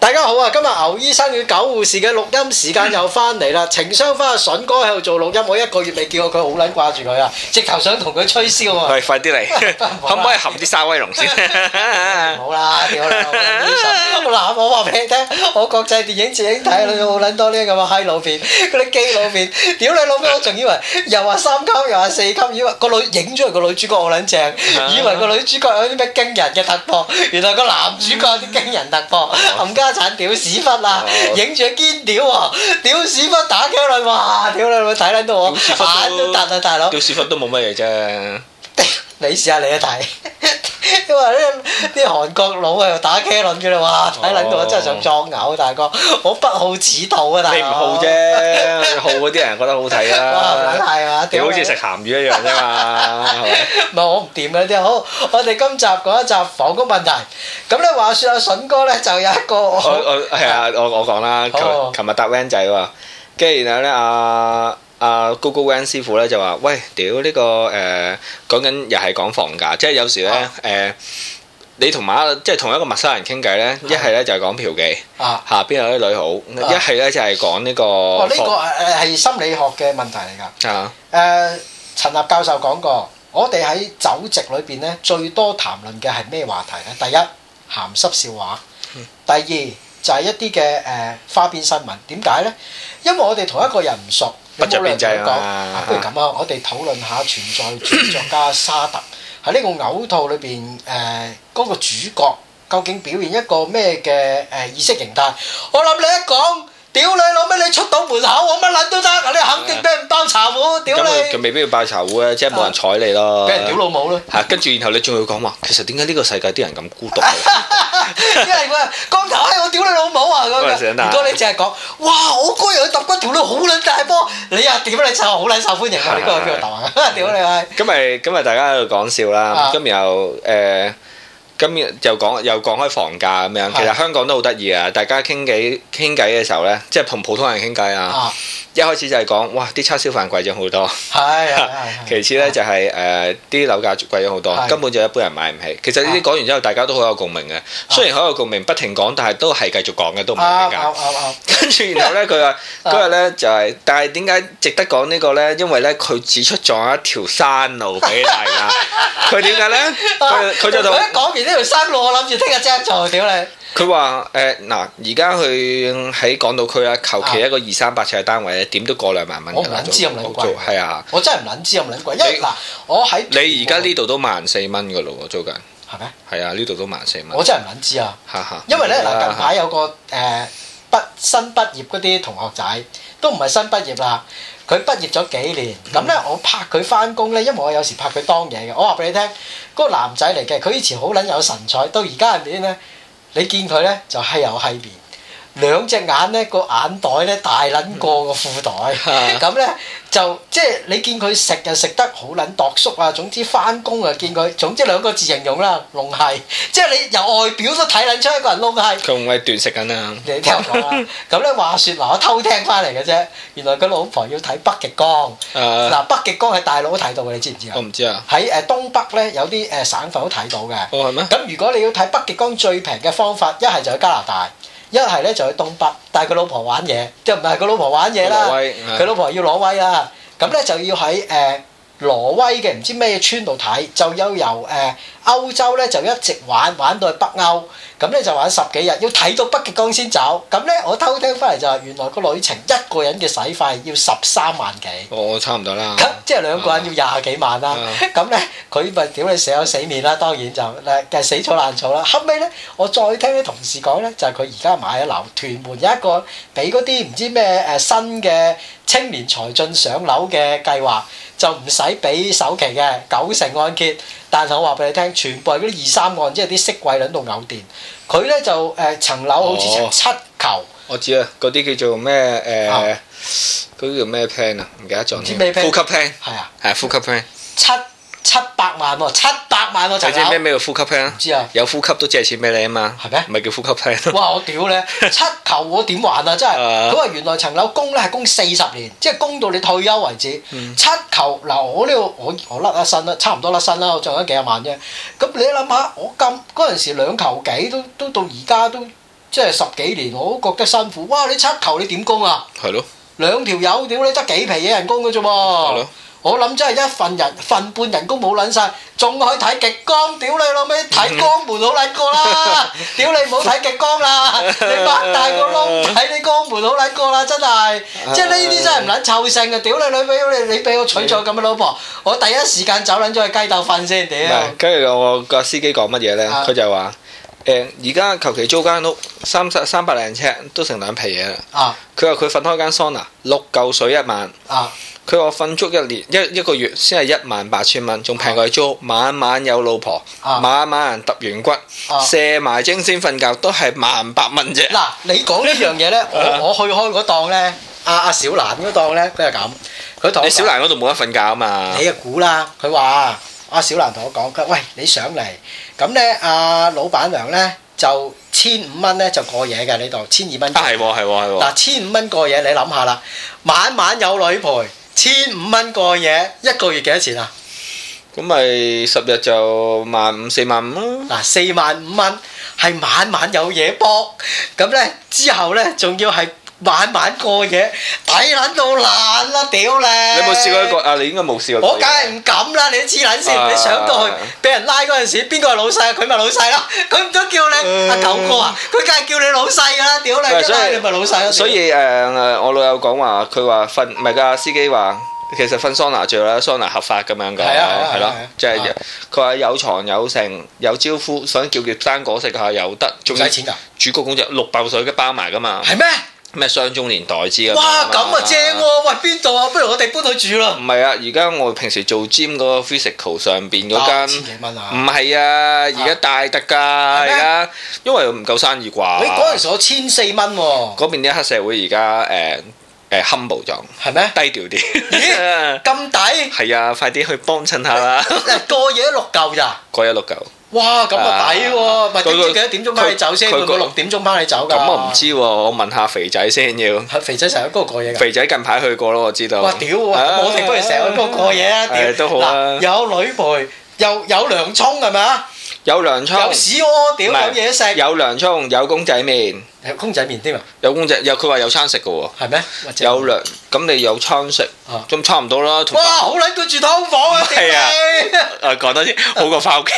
大家好啊！今日牛醫生與九護士嘅錄音時間又翻嚟啦。嗯、情商返阿笋哥喺度做錄音，我一個月未見過佢，好撚掛住佢啊！直頭想同佢吹簫。喂，快啲嚟！ 可唔可以含啲沙威龍先？好啦，屌你！我話俾你聽，我國際電影正影睇，你冇撚多呢啲咁嘅閪佬片，嗰啲基佬片。屌你老咩？我仲以為又話三級又話四級，以為個女影咗嚟個女主角好撚正，啊、以為個女主角有啲咩驚人嘅突破，原來個男主角有啲驚人突破，家屌屎忽啊！影住阿堅屌喎，屌屎忽打機女，哇！屌你老母睇撚到我都眼都突啦，大佬！屌屎忽都冇乜嘢啫。 你試下你去睇。韓國佬啊，打茄輪嘅啦！哇，睇輪到真係想作嘔，大哥，我不好指肚啊，大哥。你唔 好啫，好嗰啲人覺得好睇啦。係嘛？你好似食鹹魚一樣啫嘛，係嘛？ 唔係我唔掂嘅啲。好，我哋今集講一集房屋問題。咁你話説阿、啊、筍哥咧就有一個。Sí, 我係啊，我我講啦，琴琴日搭 van 仔喎，跟住然後咧阿阿高高 van 師傅咧就話：喂，屌呢個誒講緊又係講房價，即係有時咧誒。Right. 嗯你同埋即係同一個陌生人傾偈咧，一係咧就係講嫖妓，下邊有啲女好；一係咧就係講呢個。呢個係心理學嘅問題嚟㗎。啊，誒，陳立教授講過，我哋喺酒席裏邊咧最多談論嘅係咩話題咧？第一鹹濕笑話，第二就係一啲嘅誒花邊新聞。點解咧？因為我哋同一個人唔熟，咁入面就係講啊！不如咁啊，我哋討論下存在主義家沙特。喺呢個嘔吐裏邊，誒嗰個主角究竟表現一個咩嘅誒意識形態？我諗你一講，屌你老咩！你出到門口，我乜撚都得，你肯定俾人當茶壺。屌你，佢未必要擺茶壺嘅，即係冇人睬你咯。俾人屌老母咯。嚇，跟住然後你仲要講話，其實點解呢個世界啲人咁孤獨？因為光頭閪，我屌你老母啊！咁如果，你只係講，哇！好高人去揼骨。好撚大波，你又點樣嚟受好撚受歡迎㗎？你嗰個叫咩答案？點解你喂，今日咁咪大家喺度講笑啦，咁然後誒，呃咁又講又講開房價咁樣，其實香港都好得意啊！大家傾偈傾偈嘅時候咧，即係同普通人傾偈啊。一開始就係講哇，啲叉燒飯貴咗好多。係，其次咧就係誒啲樓價貴咗好多，根本就一般人買唔起。其實呢啲講完之後，大家都好有共鳴嘅。雖然好有共鳴，不停講，但係都係繼續講嘅都唔變價。啊啊啊！跟住然後咧，佢話嗰日咧就係，但係點解值得講呢個咧？因為咧佢指出咗一條山路畀你啦。佢點解咧？佢佢就同講其實。呢條生路我諗住聽日即刻做，屌你！佢話誒嗱，而家佢喺港島區啦，求其一個二三百尺嘅單位咧，點、啊、都過兩萬蚊。我唔捻知，唔捻做貴。係啊，我真係唔捻知，唔捻貴。因為嗱你，我喺你而家呢度都萬四蚊噶咯，租金係咪？係嗎啊，呢度都萬四蚊。我真係唔捻知哈哈啊，因為咧嗱，近排有個誒畢、呃、新畢業嗰啲同學仔，都唔係新畢業啦。佢畢業咗幾年，咁咧我拍佢返工咧，因為我有時拍佢當嘢。我話畀你聽，嗰、嗰個男仔嚟嘅，佢以前好撚有神采，到而家係點咧？你見佢咧就係有氣味。兩隻眼咧，個眼袋咧大撚過個褲袋，咁咧就即係你見佢食就食得好撚度縮啊！總之翻工啊，見佢總之兩個字形容啦，濃閪。即係你由外表都睇撚出一個人濃閪。佢唔係斷食緊啊！你聽我講啦。咁咧話説嗱，我偷聽翻嚟嘅啫。原來佢老婆要睇北極光。嗱，北極光係大陸都睇到嘅，你知唔知啊？我唔知啊。喺誒東北咧有啲誒省份都睇到嘅。哦，係咩？咁如果你要睇北極光最平嘅方法，一係就喺加拿大。一係咧就去東北，帶佢老婆玩嘢，即係唔係佢老婆玩嘢啦，佢老婆要挪威啦，咁咧的就要喺誒、呃、挪威嘅唔知咩村度睇，就悠遊誒。呃歐洲咧就一直玩玩到去北歐，咁咧就玩十幾日，要睇到北極光先走。咁咧我偷聽翻嚟就係原來個旅程一個人嘅使費要十三萬幾，哦，差唔多啦。即係兩個人要廿幾萬啦。咁咧佢咪屌你死咗死面啦，當然就梗係、啊、死草爛草啦。後尾咧我再聽啲同事講咧，就係佢而家買咗樓屯門有一個俾嗰啲唔知咩誒、啊、新嘅青年才俊上樓嘅計劃，就唔使俾首期嘅九成按揭。但係我話俾你聽，全部係嗰啲二三個，即係啲色鬼喺度咬電。佢咧就誒層樓好似七球。我知 吸 pan, 啊，嗰啲叫做咩誒？嗰啲叫咩 plan 啊？唔記得咗。呼吸 plan。係啊。係呼吸 plan。七。七百萬喎、哦，七百萬個層樓。借咩咩叫呼吸廳？唔知啊，知啊有呼吸都借錢俾你啊嘛，係咩嗎？唔係叫呼吸廳，啊。哇！我屌你， 七球我點還啊？真係。佢話、呃、原來層樓供咧係供四十年，即係供到你退休為止。嗯、七球嗱、這個，我呢個我我甩一身啦，差唔多甩身啦，我做咗幾十萬啫。咁你諗下，我咁嗰陣時兩球幾都都到而家都即係十幾年，我都覺得辛苦。哇！你七球你點供啊？係咯的。的兩條友屌你得幾皮嘢人工嘅啫噃。係咯的。我諗真係一份人份半人工冇撚晒，仲可以睇極光，屌你老味，睇江門好撚過啦！屌 你唔好睇極光啦、啊，你擘大個窿睇你江門好撚過啦！真係， 即係呢啲真係唔撚臭性嘅，屌你老味，你你俾我娶咗咁嘅老婆，我第一時間走撚咗去雞竇瞓先，屌！跟住我個司機講乜嘢呢？佢就話：而家求其租間屋，三十三百零尺都成兩皮嘢啦。佢話佢瞓開間桑拿，六嚿水一晚。啊佢話瞓足一年一一個月先係一萬八千蚊，仲平過租。晚晚有老婆，晚晚揼完骨，卸埋精先瞓覺，都係萬八蚊啫。嗱，你講呢樣嘢咧，我我去開嗰檔咧，阿阿小蘭嗰檔咧，佢係咁，佢同你小蘭嗰度冇得瞓覺啊嘛。你又估啦？佢話阿小蘭同我講，佢喂你上嚟，咁咧阿老闆娘咧就千五蚊咧就過夜嘅呢度，千二蚊。係喎係喎係喎。嗱，千五蚊過夜，你諗下啦，晚晚有女陪。千五蚊過夜，一個月幾多錢啊？咁咪十日就萬五四萬五囉。嗱，四萬五蚊係晚晚有嘢博，咁咧之後咧仲要係。晚晚過夜，睇撚到爛啦！屌你！你有冇試過一個啊？你應該冇試過,過,過。我梗係唔敢啦！你都黐撚線，哎、呀你上到去俾人拉嗰陣時，邊個係老細啊？佢咪老細啦！佢唔想叫你阿九、哎、呀哥啊，佢梗係叫你老細噶啦！屌你！所以你咪老細所以誒、呃，我老友講話，佢話瞓唔係㗎，司機話其實瞓桑拿最啦，桑拿合法咁樣㗎，係咯、啊，即係佢話有床有剩，有招呼，想叫佢生果食下又得，仲使錢㗎、啊？主角公就六百個水都包埋㗎嘛。係咩？咩上中年代字咁？哇，咁啊正喎！喂，邊度啊？不如我哋搬去住啦！唔係啊，而家我平時做 gym 嗰個 physical 上邊嗰間，問下唔係啊，而家大得㗎，係咩？因為唔夠生意啩？你嗰陣時我千四蚊喎，嗰邊啲黑社會而家誒誒 humble 咗，係咩？低調啲，咦？咁抵？係啊，快啲去幫襯下啦！過夜六嚿咋？過夜六嚿。哇，咁啊抵喎！唔係點知幾多點鐘幫你走先？佢冇六點鐘幫你走噶。咁我唔知喎，我問下肥仔先要。肥仔成日喺度過夜㗎。肥仔近排去過咯，我知道。哇！屌我哋不如成日喺度過夜啊！屌！有女陪，又有涼衝係咪啊？有涼葱，有屎屙，屌有嘢食。有涼葱，有公仔麵，有公仔麵添啊！有公仔，又佢話有餐食嘅喎。係咩？有涼，咁你有餐食，咁差唔多啦。哇，好撚都住劏房啊！屌你！啊，講多啲，好過翻屋企。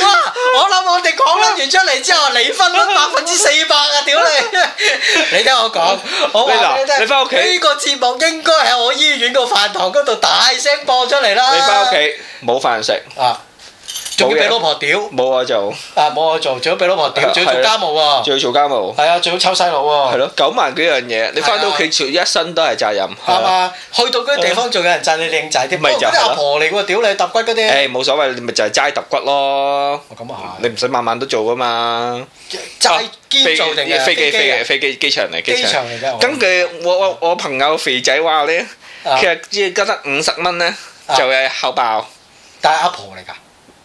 哇！我諗我哋講完出嚟之後，離婚率百分之四百啊！屌你！你聽我講，好啦，你翻屋企。呢個節目應該喺我醫院個飯堂嗰度大聲播出嚟啦。你翻屋企冇飯食啊？仲要俾老婆屌？冇啊，就啊冇啊，就仲要俾老婆屌，仲要做家務喎，仲要做家務，係啊，仲要湊細路喎。係咯，九萬幾樣嘢，你翻到屋企，全一身都係責任。啱啊，去到嗰啲地方仲有人贊你靚仔添，不過嗰啲阿婆嚟喎，屌你揼骨嗰啲。誒，冇所謂，你咪就係齋揼骨咯。我咁啊嚇，你唔使晚晚都做噶嘛。就係建造定係飛機飛嘅飛機機場嚟機場嚟嘅。根據我我我朋友肥仔話咧，其實只要加得五十蚊咧，就係口爆。但係阿婆嚟㗎。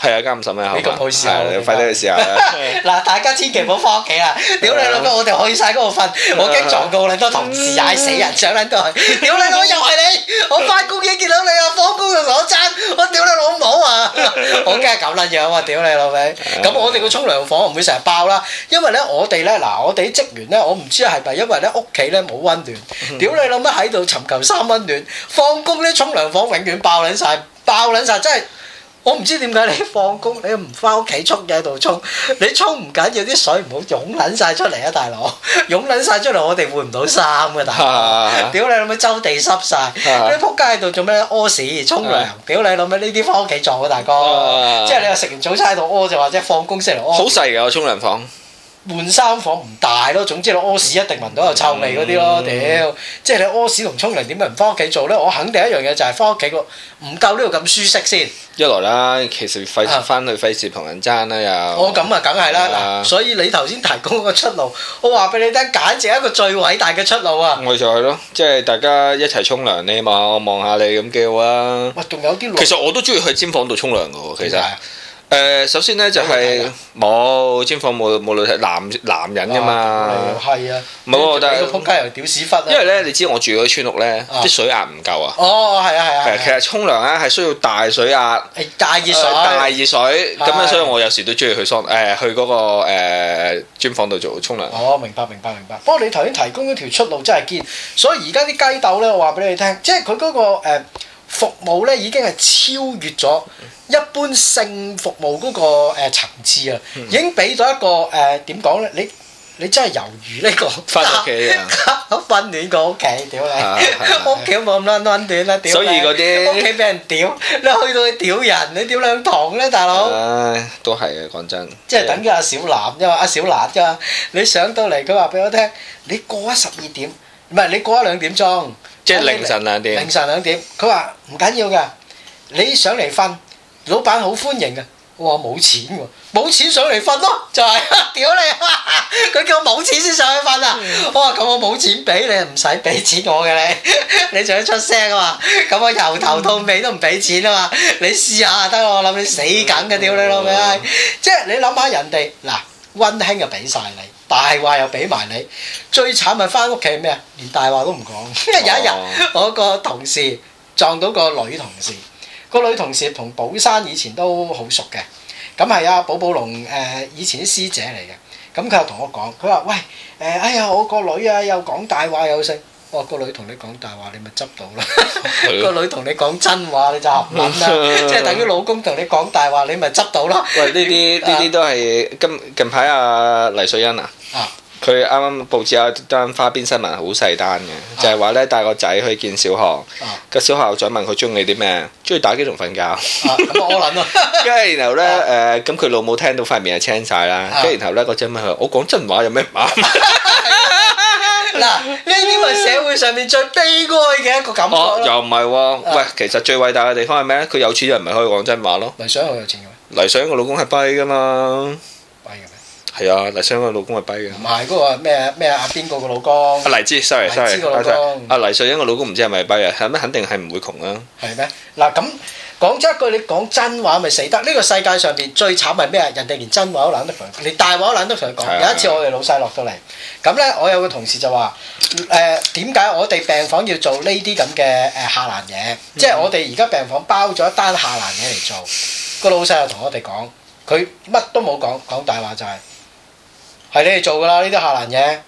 係啊，加五十米後，呢個好事，你快啲去試下啦！嗱，大家千祈唔好翻屋企啊！屌你老母，我哋可以曬嗰度瞓，我驚撞到好多同事啊！嗌死人上撚都係，屌你老母又係你！我翻工已經見到你啊，放工就想爭，我屌你老母啊！我梗係咁撚樣喎，屌你老味！咁我哋個沖涼房唔會成日爆啦，因為咧我哋咧嗱，我哋啲職員咧，我唔知係咪因為咧屋企咧冇溫暖，屌你老母喺度尋求三溫暖，放工咧沖涼房永遠爆撚曬，爆撚曬真係。我唔知點解你放工你唔翻屋企沖嘢度沖，你沖唔緊要啲水唔好湧撚晒出嚟啊！大佬，湧撚晒出嚟我哋換唔到衫㗎，大佬！屌你老母周地濕晒。你仆街喺度做咩屙屎沖涼？屌你老母呢啲翻屋企撞啊大哥！即係你又食完早餐喺度屙就或者放工先嚟屙。好細㗎我沖涼房。換衫房唔大咯，總之你屙屎一定聞到有臭味嗰啲咯，屌、嗯！即係你屙屎同沖涼點解唔翻屋企做咧？我肯定一樣嘢就係翻屋企個唔夠呢度咁舒適先。一來啦，其實費事翻去費事同人爭啦又。我咁啊，梗係啦嗱，啦所以你頭先提供個出路，我話俾你聽，簡直係一個最偉大嘅出路啊！我就係咯，即係大家一齊沖涼，看看你望我望下你咁幾好啊！喂，仲有啲路。其實我都中意去尖房度沖涼嘅喎，其實。誒，首先咧就係冇專房冇冇女係男男人噶嘛，係啊，冇，但係通街人屌屎忽。因為咧，你知我住嗰啲村屋咧，啲水壓唔夠啊。哦，係啊，係啊。係，其實沖涼咧係需要大水壓、大熱水、大熱水咁樣，所以我有時都中意去桑誒去嗰個誒專房度做沖涼。哦，明白，明白，明白。不過你頭先提供嗰條出路真係堅，所以而家啲雞竇咧，我話俾你聽，即係佢嗰個誒服務咧已經係超越咗一般性服務嗰個誒層次啊，已經俾咗一個誒點講咧？你你真係猶豫呢個婚嘅呀？婚短個屋企屌你，屋企都冇咁撚撚短啦！屌你，所以啲屋企俾人屌，你去到去屌人，你屌兩堂咧，大佬？唉，都係嘅，講真。即係等於阿小南啫嘛，阿小南啫嘛，你上到嚟佢話俾我聽，你過一十二點，唔係你過一兩點鐘。即係凌晨兩點。凌晨兩點，佢話唔緊要嘅，你想嚟瞓。老闆好歡迎嘅，我話冇錢喎，冇錢上嚟瞓咯，就係、是、屌你，佢叫我冇錢先上去瞓啊，嗯、我話咁我冇錢俾你，唔使俾錢我嘅你，你仲要出聲啊嘛，咁我由頭到尾都唔俾錢啊嘛，你試下得我諗你死梗嘅，屌你老味，即係你諗下人哋嗱，溫馨又俾晒你，大話又俾埋你，最慘咪返屋企咩啊，連大話都唔講，有、哦、一日我個同事撞到個女同事。個女同事同寶山以前都好熟嘅，咁係啊，寶寶龍誒以前啲師姐嚟嘅，咁佢又同我講，佢話：喂誒，哎呀，我個女啊又講大話又識，我個女同你講大話，你咪執到咯；個女同你講真話，你就唔諗啦，即係等於老公同你講大話，你咪執到咯。喂，呢啲呢啲都係今近排啊黎瑞恩啊。佢啱啱報紙有一單花邊新聞，好細單嘅，就係話咧帶個仔去見小學，啊、個小學校長問佢中意啲咩，中意打機同瞓覺。咁我諗啊，跟住 然後咧呢誒，咁佢、啊呃、老母聽到塊面就青晒啦，跟住、啊、然後咧個仔問佢：我講真話有咩唔啱？嗱，呢啲係社會上面最悲哀嘅一個感覺。啊、又唔係喎，喂、呃，其實最偉大嘅地方係咩？佢有錢人唔可以講真話咯。黎水，好有錢嘅？黎水，我老公係跛噶嘛。係啊，黎瑞英個老公係跛嘅。唔係嗰個咩咩阿邊個個老公？阿黎姿、啊，sorry，sorry，阿黎瑞英個老公唔知係咪跛啊？係咩、啊？肯定係唔會窮啊。係咩？嗱咁講咗一句，你講真話咪死得？呢、這個世界上邊最慘係咩？人哋連真話都懶得同你，連大話都懶得同你講。啊、有一次我哋老細落到嚟，咁咧我有個同事就話：誒、呃，點解我哋病房要做呢啲咁嘅誒下欄嘢？即係、嗯、我哋而家病房包咗一單下欄嘢嚟做。個老細就同我哋講，佢乜都冇講，講大話就係、是。係你哋做噶啦，呢啲下欄嘢。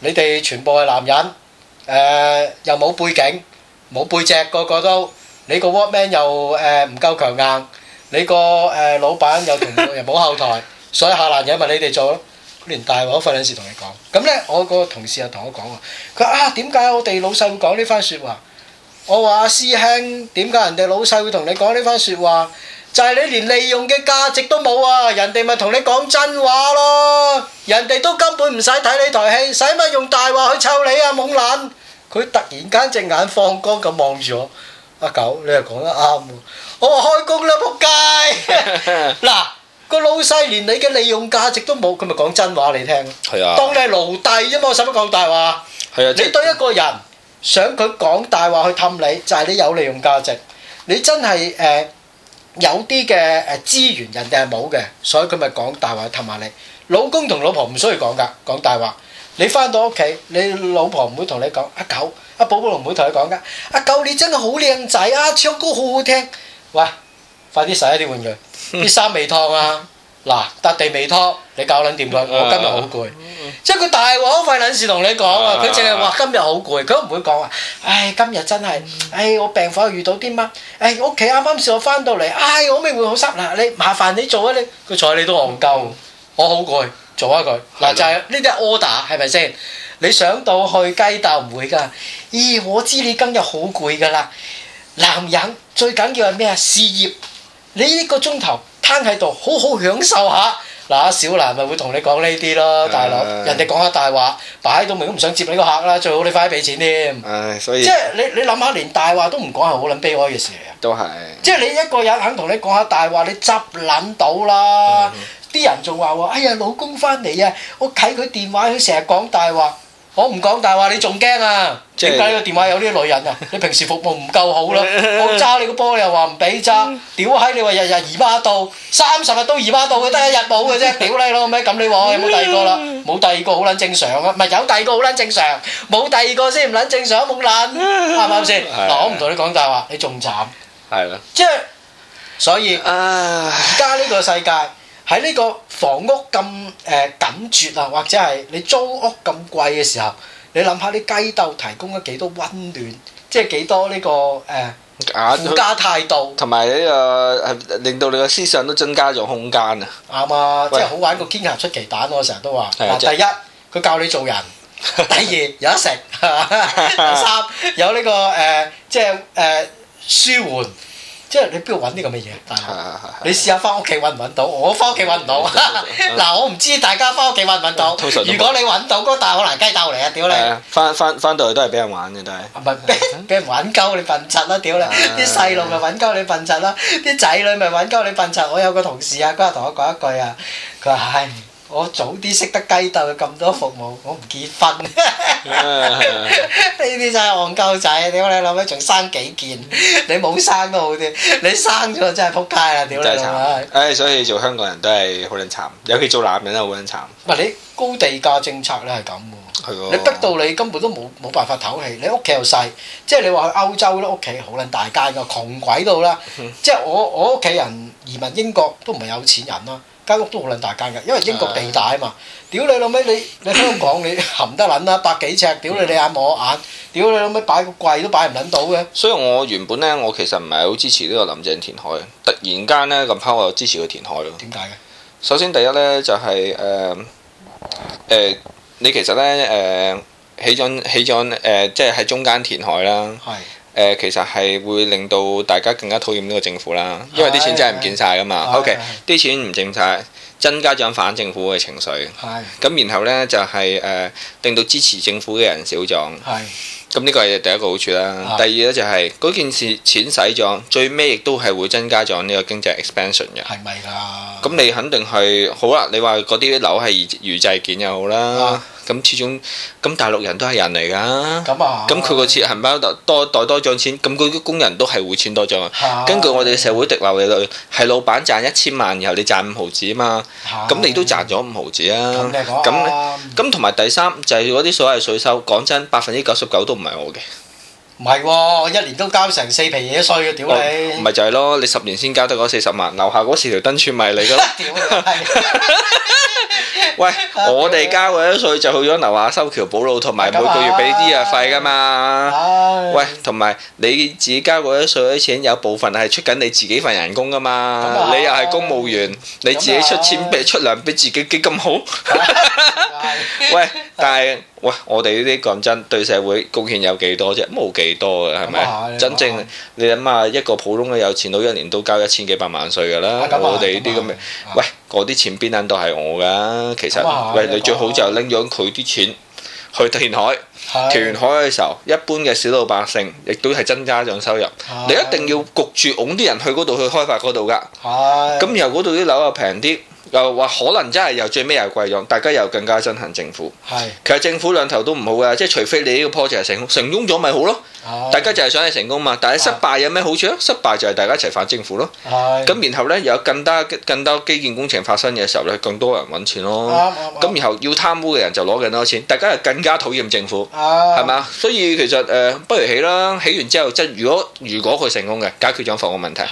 你哋全部係男人，誒、呃、又冇背景，冇背脊，個個都你個 what man 又誒唔、呃、夠強硬，你個誒、呃、老闆又同又冇後台，所以下欄嘢咪你哋做咯。連大王訓兩次同你講。咁呢，我個同事又同我講喎，佢話，啊點解我哋老細會講呢番説話？我話阿師兄點解人哋老細會同你講呢番説話？就係你連利用嘅價值都冇啊！人哋咪同你講真話咯。人哋都根本唔使睇你台戲，使乜用大話去湊你啊？懵撚！佢突然間隻眼放光咁望住我。阿九，你又講得啱喎。我話開工啦！仆街。嗱，個老細連你嘅利用價值都冇，佢咪講真話你聽？係啊。當你係奴隸啫嘛，使乜講大話？係啊。你對一個人。想佢講大話去氹你，就係、是、你有利用價值。你真係誒、呃、有啲嘅誒資源，人哋係冇嘅，所以佢咪講大話氹埋你。老公同老婆唔需要講㗎，講大話。你返到屋企，你老婆唔會同你講阿、啊、狗，阿、啊、寶寶都唔會同你講㗎。阿、啊、狗你、啊、你真係好靚仔啊，唱歌好好聽。喂，快啲洗一啲玩具，啲衫未燙啊！嗱，搭地尾拖，你搞捻掂佢，我今日好攰，即係佢大鑊，我費捻事同你講啊，佢淨係話今日好攰，佢都唔會講話，唉，今日真係，唉，我病房遇到啲乜，唉，屋企啱啱時我翻到嚟，唉，我未會好濕嗱，你麻煩你做啊你，佢睬你都戇鳩，我好攰，做一句嗱就係呢啲 order 係咪先？你上到去雞竇唔會噶，咦，我知你今日好攰噶啦，男人最緊要係咩啊？事業，你呢個鐘頭。攤喺度好好享受下，嗱，小蘭咪會同你講呢啲咯，的大佬，人哋講下大話，擺到明都唔想接你個客啦，最好你快啲俾錢添。唉，所以即係你，你諗下，連大話都唔講係好撚悲哀嘅事嚟啊！都係是，即係你一個人肯同你講下大話，你執撚到啦！啲的人仲話哎呀，老公翻嚟啊，我睇佢電話，佢成日講大話。我唔講大話，你仲驚啊？點解呢個電話有啲女人啊？你平時服務唔夠好啦，啊， 我揸你個波，你又話唔俾揸，屌閪！你話日日姨媽到，三十日都姨媽到嘅，得一日冇嘅啫，屌你咯咩？咁你話有冇第二個啦？冇第二個好撚正常啊？唔係有第二個好撚正常，冇第二個先唔撚正常，冇撚啱啱先？嗱 吧，我唔同你講大話，你仲慘係啦，的即係所以而家呢個世界。喺呢個房屋咁誒、呃、緊絕啊，或者係你租屋咁貴嘅時候，你諗下啲雞竇提供咗幾多溫暖，即係幾多呢、這個誒、呃、了附加態度，同埋呢個令到你嘅思想都增加咗空間啊！啱啊吧，喂即係好玩過健達出奇蛋，我成日都話。喂第一，佢教你做人；第二， 有得食；第 三，有呢、這個誒、呃，即係、呃、舒緩。即係你邊度揾呢咁嘅嘢？但係，你試下翻屋企揾唔揾到？我翻屋企揾唔到。嗱， 我唔知大家翻屋企揾唔揾到。嗯、如果你揾到嗰大可能雞豆嚟啊！屌你！翻翻翻到去都係俾人玩嘅都係。唔係，俾人揾鳩你笨柒啦！屌你！啲細路咪揾鳩你笨柒啦！啲仔、啊啊 啊、女咪揾鳩你笨柒。我有個同事啊，嗰日同我講一句啊，佢話：唉。」我早啲識得雞竇，咁多服務，我唔結婚。呢啲真係戇鳩仔，點解你諗咧？仲生幾件？你冇生都好啲，你生咗真係撲街啦！屌你！唉、哎，所以做香港人都係好撚慘，尤其做男人咧，好撚慘。唔係你高地價政策咧，係咁嘅。喎，你逼到你根本都冇冇辦法唞氣，你屋企又細。即係你話去歐洲咧，屋企好撚大間，嘅窮鬼都好啦。即係 我我屋企人移民英國都唔係有錢人啦。間屋都唔論大間嘅，因為英國地大啊嘛。的屌你老味，你你香港 你含得撚啦，百幾尺，屌你你眼摸眼，屌你老味擺個櫃都擺唔撚到嘅。所以我原本咧，我其實唔係好支持呢個林鄭填海嘅，突然間咧咁拋我又支持佢填海咯。點解嘅？首先第一咧就係誒誒，你其實咧誒、呃、起咗起咗誒、呃，即係喺中間填海啦。係。呃、其實係會令到大家更加討厭呢個政府啦，因為啲錢真係唔見晒㗎嘛。OK，啲錢唔淨晒，增加咗反政府嘅情緒。係，咁然後呢，就係、是、誒、呃，令到支持政府嘅人少咗。是的 咁呢個係第一個好處啦，第二咧就係、是、嗰件事錢使咗，最尾亦都係會增加咗呢個經濟 expansion 嘅。係咪㗎？咁你肯定係好啦，你話嗰啲樓係預製件又好啦，咁、啊、始終咁大陸人都係人嚟㗎。咁佢、啊、個設計包多袋多獎錢，咁佢啲工人都係會錢多獎啊。根據我哋社會滴流理論，係老闆賺一千萬，然後你賺五毫子啊嘛，咁、啊、你都賺咗五毫子啊。咁咁同埋第三就係嗰啲所謂稅收，講真，百分之九十九都。唔係我嘅，唔係、哦，我一年都交成四皮嘢稅嘅，屌、oh, 你！唔係就係咯，你十年先交得嗰四十萬，樓下嗰四條燈柱咪你嘅咯，屌。喂，我哋交嗰啲稅就去咗樓下修橋補路，同埋每個月俾啲藥費噶嘛。喂，同埋你自己交嗰啲稅啲錢，有部分係出緊你自己份人工噶嘛。你又係公務員，你自己出錢俾出糧俾自己幾咁好。喂，但係喂，我哋呢啲講真，對社會貢獻有幾多啫？冇幾多㗎，係咪？真正你諗下，一個普通嘅有錢佬一年都交一千幾百萬稅㗎啦。我哋呢啲咁嘅，喂。嗰啲錢邊撚都係我噶，其實是喂，你最好就拎咗佢啲錢去填海，的填海嘅時候，一般嘅小老百姓亦都係增加一種收入。的你一定要焗住擁啲人去嗰度去開發嗰度噶，咁的然後嗰度啲樓又平啲。又話可能真係又最尾又貴咗，大家又更加憎恨政府。係是，其實政府兩頭都唔好嘅，即係除非你呢個 project 成功，成功咗咪好咯。哎、大家就係想佢成功嘛。但係失敗有咩好處啊？失敗就係大家一齊反政府咯。咁是然後呢，有更加更多基建工程發生嘅時候咧，更多人揾錢咯。咁、啊啊、然後要貪污嘅人就攞更多錢，大家又更加討厭政府。啊。係嘛？所以其實誒、呃，不如起啦。起完之後，即係如果如果佢成功嘅，解決咗房屋問題。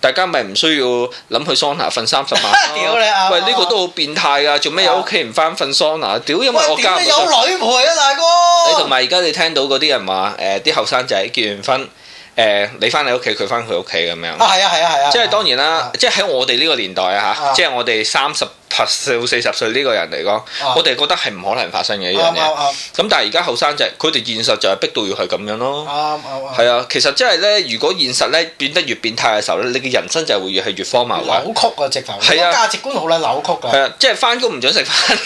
大家咪唔需要諗去桑拿瞓三十晚。屌 你啊說！喂，呢個都好變態啊！做咩有屋企唔返瞓桑拿？屌，因為我家有女陪啊，大哥！你同埋而家你聽到嗰啲人話誒啲後生仔結完婚誒、呃，你返你屋企，佢返佢屋企咁樣。啊，係啊，係啊，係啊！即係當然啦，即係喺我哋呢個年代啊嚇，即係我哋三十。拍四十歲呢個人嚟講，我哋覺得係唔可能發生嘅一樣嘢。咁但係而家後生仔，佢哋現實就係逼到要係咁樣咯。啱係啊，其實即係咧，如果現實咧變得越變態嘅時候咧，你嘅人生就係會越係越荒謬。扭曲啊！直頭。係啊。價值觀好撚扭曲㗎。係啊，即係翻工唔准食飯。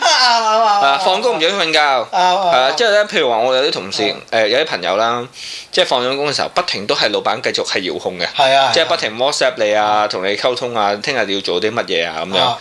啱放工唔准瞓覺。啱。係啦，之後咧，譬如話我有啲同事，誒有啲朋友啦，即係放咗工嘅時候，不停都係老闆繼續係遙控嘅。係啊。即係不停 WhatsApp 你啊，同你溝通啊，聽日你要做啲乜嘢啊咁樣。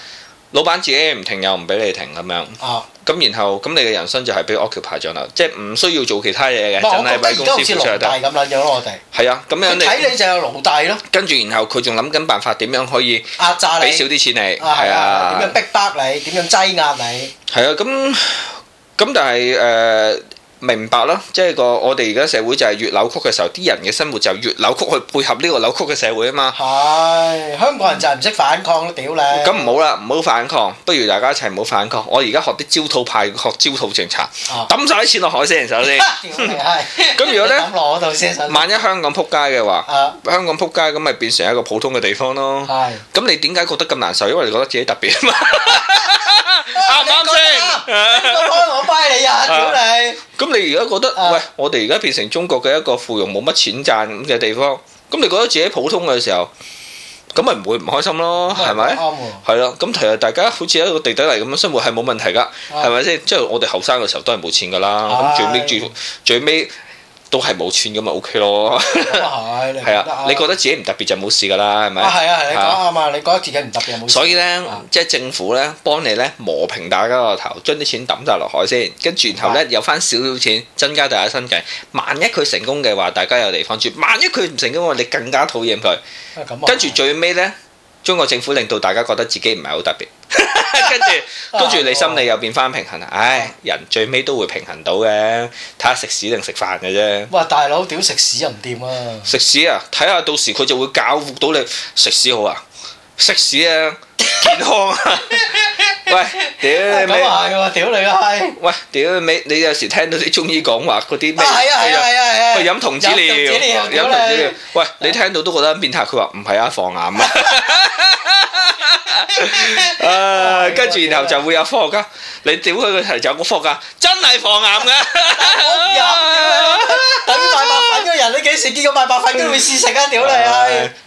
老闆，自己唔停又唔俾你停咁樣，咁、啊、然後咁你嘅人生就係俾屋企排長流，即係唔需要做其他嘢嘅。不真係公司唔出得大樣。咁啦，如果我哋係啊，咁樣睇你就有奴隸咯。跟住然後佢仲諗緊辦法點樣可以壓榨你，俾少啲錢你，係啊，點樣逼迫你，點樣擠壓你。係啊，咁咁但係誒。呃明白啦，即係個我哋而家社會就係越扭曲嘅時候，啲人嘅生活就越扭曲，去配合呢個扭曲嘅社會啊嘛。係 香港人就係唔識反抗屌你！咁唔好啦，唔好反抗，不如大家一齊唔好反抗。我而家學啲焦土派，學焦土政策，抌曬啲錢落海先，首先。咁吧 如果咧？抌 萬一香港撲街嘅話，啊、香港撲街咁咪變成一個普通嘅地方咯。係屌。咁你點解覺得咁難受？因為你覺得自己特別啊嘛。啱唔啱先？我拜你呀，屌你！咁你而家覺得喂，我哋而家變成中國嘅一個附庸，冇乜錢賺嘅地方，咁你覺得自己普通嘅時候，咁咪唔會唔開心咯？係咪？啱喎。係咯，咁其實大家好似一個地底嚟咁樣生活，係冇問題噶，係咪先？即係我哋後生嘅時候都係冇錢噶啦，咁最尾。最最尾。都係冇錢咁咪 OK 咯，係，啊，你覺得自己唔特別就冇事噶啦，係咪？啊係啊係，你講啊嘛，啊你覺得自己唔特別冇事。所以咧，即係、啊、政府咧幫你咧磨平大家個頭，將啲錢抌晒落海先，跟住然後咧有翻少少錢增加大家身計。萬一佢成功嘅話，大家有地方住；萬一佢唔成功嘅話，你更加討厭佢。跟住、嗯、最尾咧。中國政府令到大家覺得自己唔係好特別 跟，跟住跟住你心理又變翻平衡啊！唉、哎，人最尾都會平衡到嘅，睇下食屎定食飯嘅啫。哇！大佬，屌食屎又唔掂啊！食屎啊！睇下到時佢就會教到你食屎好啊，食屎啊，健康啊！喂，屌你！咪話㗎喎，屌你閪！喂，屌你！你有時聽到啲中醫講話嗰啲咩？啊，係啊，係啊，係啊，係啊！啊啊啊啊去飲童子尿，飲童子尿。喂，你聽到都覺得變態，佢話唔係啊，防癌。啊！誒，跟住然後就會有科學家，你屌佢個頭就有個科學家，真係防癌㗎。等賣白粉嘅人，你幾時見過賣白粉都會試食啊？屌你，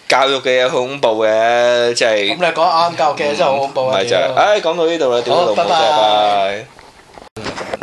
教育嘅嘢恐怖嘅，即係咁你講得啱，教育嘅嘢真係好恐怖。唔係就，誒，講到呢度啦，屌你老母，拜拜。